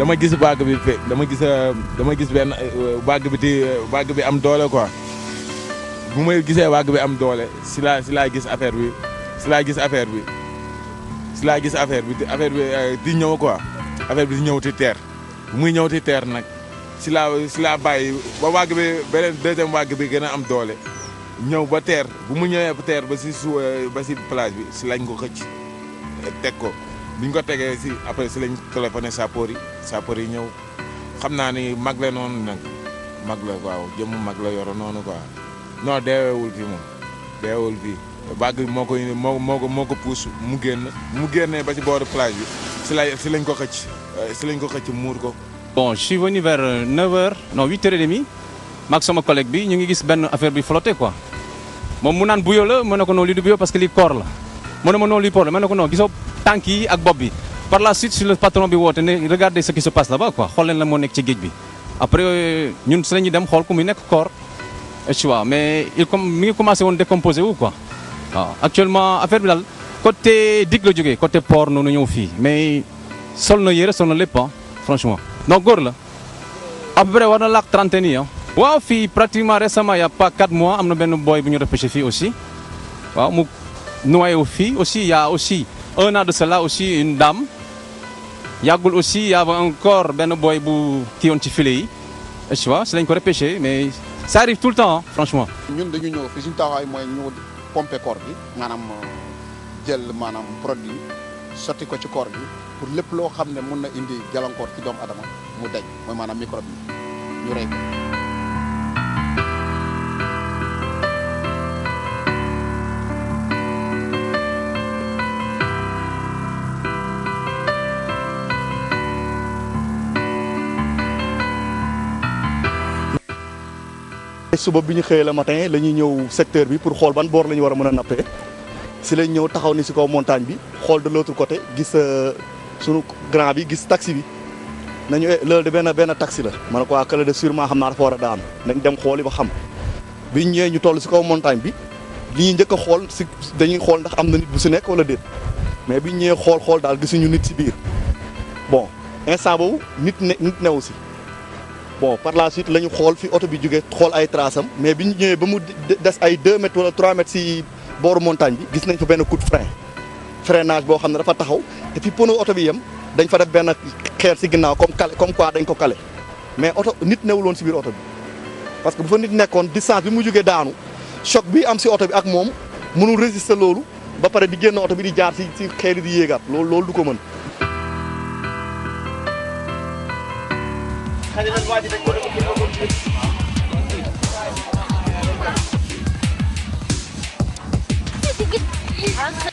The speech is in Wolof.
dama gis vague bi dama gis euh, dama gis benn euh, vague bi di euh, vague bi am doole quoi bu may gisee vague bi am doole si laa si laa gis affaire bi si laa gis affaire bi si laa gis affaire bi affaire bi di ñëw quoi affaire bi di ñëw ti teer muy ñëw ti teer nag si laa si laa bàyyi ba vague bi beneen deuxième vague bi gën a am doole ñëw ba teer bu mu ñëwee ba teer ba si su ba si plage bi si lañ ko xëcc teg ko. bi ko tegee si après si lañ téléphoné sapeurs yi sapeurs yi ñëw xam naa ni mag la noonu nag mag la waaw jëmm mag la yoro noonu quoi non deewewul fii moom deewewul fii bàgg moo ko moo moo ko moo ko puus mu génn mu génnee ba si booru plage bi si lañ ko xëcc euh, si lañ ko xëcc muur ko bon je suis venu vers 9h euh, non 8h30 maag sama bi ñu ngi gis benn affaire bi flotté quoi moom mu naan buyo la ma ne ko non lii du buyo parce que lii koor la mu ne ma non lii koor la ma ne tànk yi ak bopp bi par la suite si le patron bi woote ne regardez ce qui se passe là-bas quoi xool la moo nekk ci géej bi après ñun si ñuy dem xool ku muy nekk corps tu vois mais il comme mi ngi commencé woon décomposé wu ko waaw actuellement affaire bi daal côté digg la jógee côté port noonu ñëw fii mais sol na yére sol na lépp franchement donc góor la à peu près war na laak trentaine waaw fii pratiquement récemment ya a pas 4 mois am na benn boy bu ñu repêché fii aussi waaw mu noyé fii aussi y' aussi. un an de cela aussi une dame yàggul aussi y avait encore benn boy bu kii ci file yi tu vois si lañ ko repêché mais ça arrive tout le temps franchement. ñun dañu ñëw fi suñu taxawaay mooy ñu pomper corps bi maanaam euh, jël maanaam produit sotti ko ci corps bi pour lépp loo xam ne mun na indi gàllankoor ci doomu adama mu deñ mooy maanaam microbe ñu rey suba bi ñu xëyee le matin la ñuy ñëw secteur bi pour xool ban boor la war a mën a nappee si lañ ñëw taxaw ni si kaw montagne bi xool da l'autre côté gis euh, sunu grand bi gis taxi bi nañu eh, loolu de benn benn taxi la. ma ne ko waa ah, kële de sûrement xam naa fa war a daan nañ dem xooli ba xam biñ ñëwee ñu toll si kaw montagne bi li ñu njëkk a xool si dañuy xool ndax am na nit bu si nekk wala déet mais biñ ñëwee xool xool daal ñu nit si biir bon instant boobu nit ne nit si. bon par la suite la ñu xool fi oto bi jóge xool ay trace am mais bi ñu ñëwee ba mu des ay 2 mètres wala 3 mètres si booru montagne bi gis nañ fa benn coup de frein freinage boo xam ne dafa taxaw te fi pono oto bi yem dañ fa def benn xeer si ginnaaw comme kale comme quoi dañ ko kale mais oto nit newuloon si biir oto bi parce que ba fa nit nekkoon distance bi mu jógee daanu choc bi am si oto bi ak moom mënul résister loolu ba pare di génn oto bi di jaar si si xeer yi di yéegaat loolu loolu ko mën xëy na waa ji dañ ko def ko ko